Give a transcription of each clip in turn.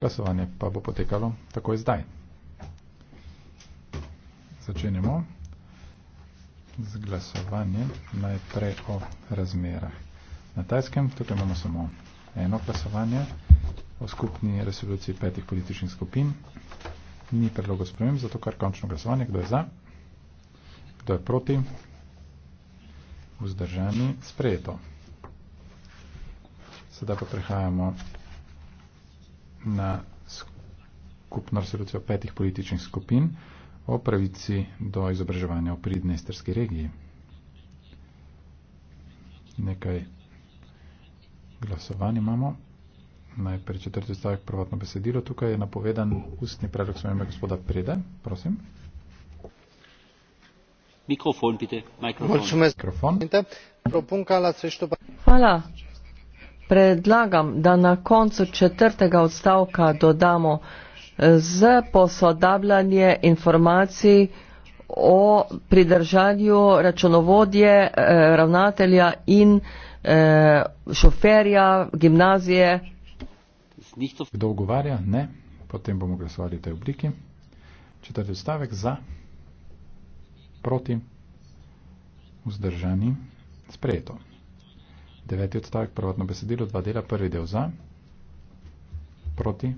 Glasovanje pa bo potekalo takoj zdaj. Začenjamo z glasovanjem najprej o razmerah. Na tajskem tukaj imamo samo eno glasovanje o skupni resoluciji petih političnih skupin. Ni predlogo spremem, zato kar končno glasovanje, kdo je za, kdo je proti, vzdržani, sprejeto. Sedaj pa prehajamo na skupno resolucijo petih političnih skupin o pravici do izobraževanja v pridnesterski regiji. Nekaj glasovanj imamo. Najprej četrti stavek prvotno besedilo. Tukaj je napovedan ustni predlog svojega gospoda Prede. Prosim. Mikrofon, pite. Mikrofon. Mikrofon. Hvala. Predlagam, da na koncu četrtega odstavka dodamo eh, z posodabljanje informacij o pridržanju računovodje, eh, ravnatelja in eh, šoferja gimnazije. Kdo ogovarja? Ne. Potem bomo glasovali v tej obliki. Četrti odstavek za, proti, vzdržani, sprejeto deveti odstavek, prvotno besedilo, dva dela, prvi del za, proti,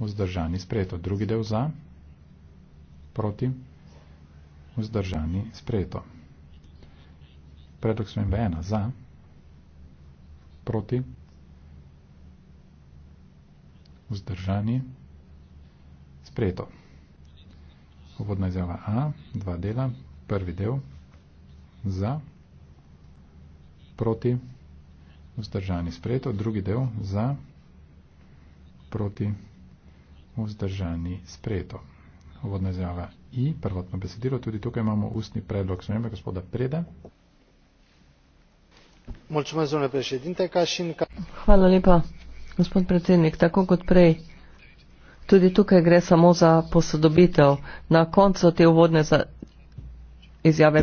vzdržani, sprejeto, drugi del za, proti, vzdržani, sprejeto. Predlog smem v ena, za, proti, vzdržani, sprejeto. Uvodna izjava A, dva dela, prvi del, za, proti, proti, vzdržani sprejeto, drugi del za, proti, vzdržani sprejeto. Uvodna izjava I, prvotno besedilo, tudi tukaj imamo ustni predlog smembe gospoda Preda. Hvala lepa, gospod predsednik. Tako kot prej, tudi tukaj gre samo za posodobitev. Na koncu te uvodne izjave.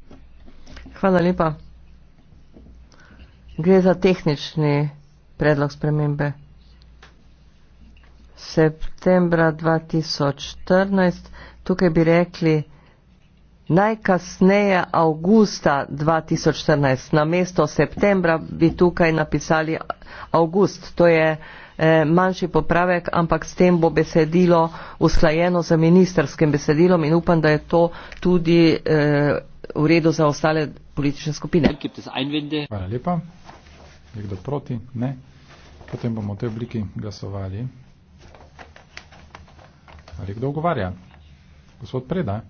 Hvala lepa. Gre za tehnični predlog spremembe. Septembra 2014, tukaj bi rekli najkasneje avgusta 2014, na mesto septembra bi tukaj napisali avgust, to je eh, manjši popravek, ampak s tem bo besedilo usklajeno z ministerskim besedilom in upam, da je to tudi eh, v redu za ostale politične skupine. Hvala lepa. Nekdo proti? Ne. Potem bomo v tej obliki glasovali. Ali kdo ogovarja? Gospod Preda?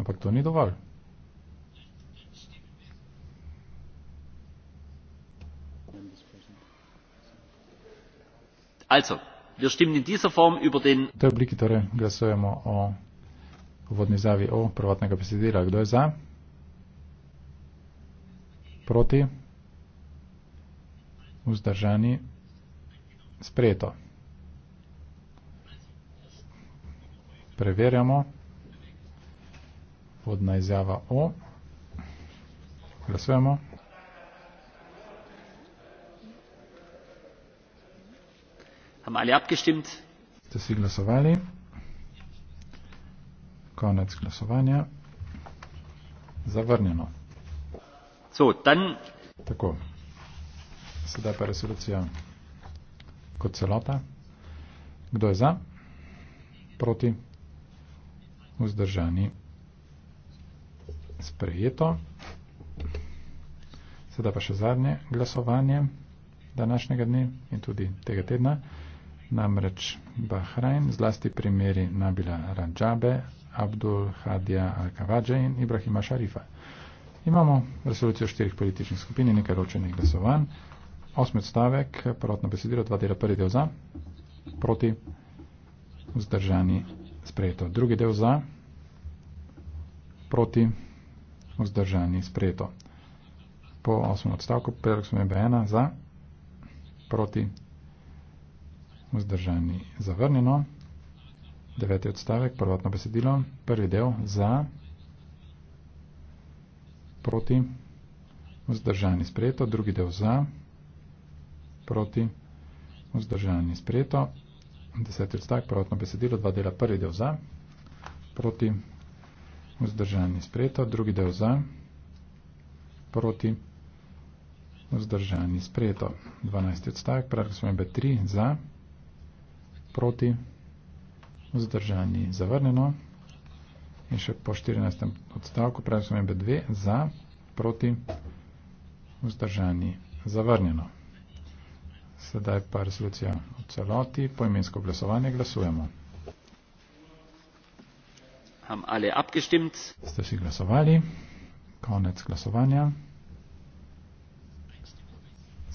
Ampak to ni dovolj. Also, wir stimmen in dieser Form über den. Torej, glasujemo o vodni zavi o prvotnega besedila. Kdo je za? proti, vzdržani, sprejeto. Preverjamo, vodna izjava O, glasujemo. Haben alle abgestimmt? Ste si glasovali? Konec glasovanja. Zavrnjeno. Tako. Sedaj pa resolucija kot celota. Kdo je za? Proti? Vzdržani? Sprejeto. Sedaj pa še zadnje glasovanje današnjega dne in tudi tega tedna. Namreč Bahrajn, zlasti primeri Nabila Ranjabe, Abdul Hadija Al-Kavadža in Ibrahima Šarifa. Imamo resolucijo štirih političnih skupin in nekaj ročenih glasovanj. Osmi odstavek, prvotno besedilo, dva dela, prvi del za, proti, vzdržani, sprejeto. Drugi del za, proti, vzdržani, sprejeto. Po osmem odstavku, predlog smo imeli ena, za, proti, vzdržani, zavrnjeno. Deveti odstavek, prvotno besedilo, prvi del za, proti, proti, vzdržani sprejeto, drugi del za, proti, vzdržani sprejeto, deseti odstavek, prvotno besedilo, dva dela, prvi del za, proti, vzdržani sprejeto, drugi del za, proti, vzdržani sprejeto, dvanajsti odstavek, predlog spremembe tri, za, proti, vzdržani zavrnjeno, proti, In še po 14. odstavku pravi sem embe dve za, proti, vzdržani, zavrnjeno. Sedaj pa resolucija v celoti, poimensko glasovanje glasujemo. Alle abgestimmt. Ste si glasovali? Konec glasovanja.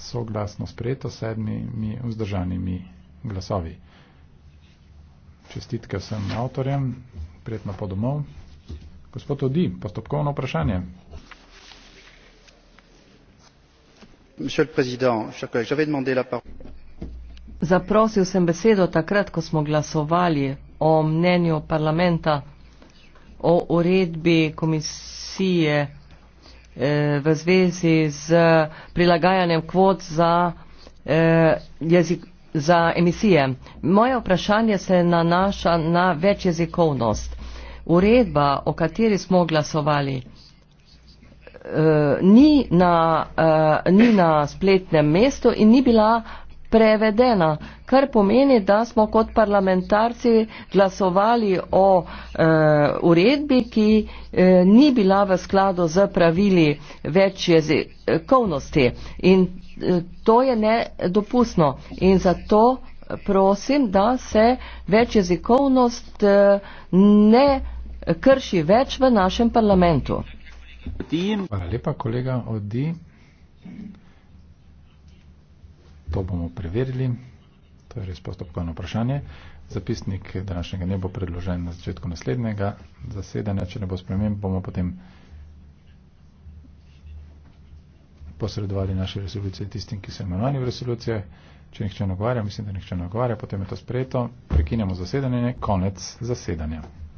Soglasno sprejeto sedmimi vzdržanimi glasovi. Čestitke vsem avtorjem prijetno po domov. Gospod Odi, postopkovno vprašanje. Zaprosil sem besedo takrat, ko smo glasovali o mnenju parlamenta, o uredbi komisije eh, v zvezi z prilagajanjem kvot za eh, jezik, za emisije. Moje vprašanje se nanaša na večjezikovnost. Uredba, o kateri smo glasovali, eh, ni na, eh, ni na spletnem mestu in ni bila prevedena, kar pomeni, da smo kot parlamentarci glasovali o e, uredbi, ki e, ni bila v skladu z pravili več jezikovnosti. In e, to je nedopustno. In zato prosim, da se več jezikovnost e, ne krši več v našem parlamentu. Hvala lepa, kolega Odi. To bomo preverili. To je res postopkovno vprašanje. Zapisnik današnjega dne bo predložen na začetku naslednjega zasedanja. Če ne bo spremem, bomo potem posredovali naše resolucije tistim, ki so imenovani v resolucije. Če nihče ne ogovarja, mislim, da nihče ne ogovarja, potem je to sprejeto. Prekinjamo zasedanje. Konec zasedanja.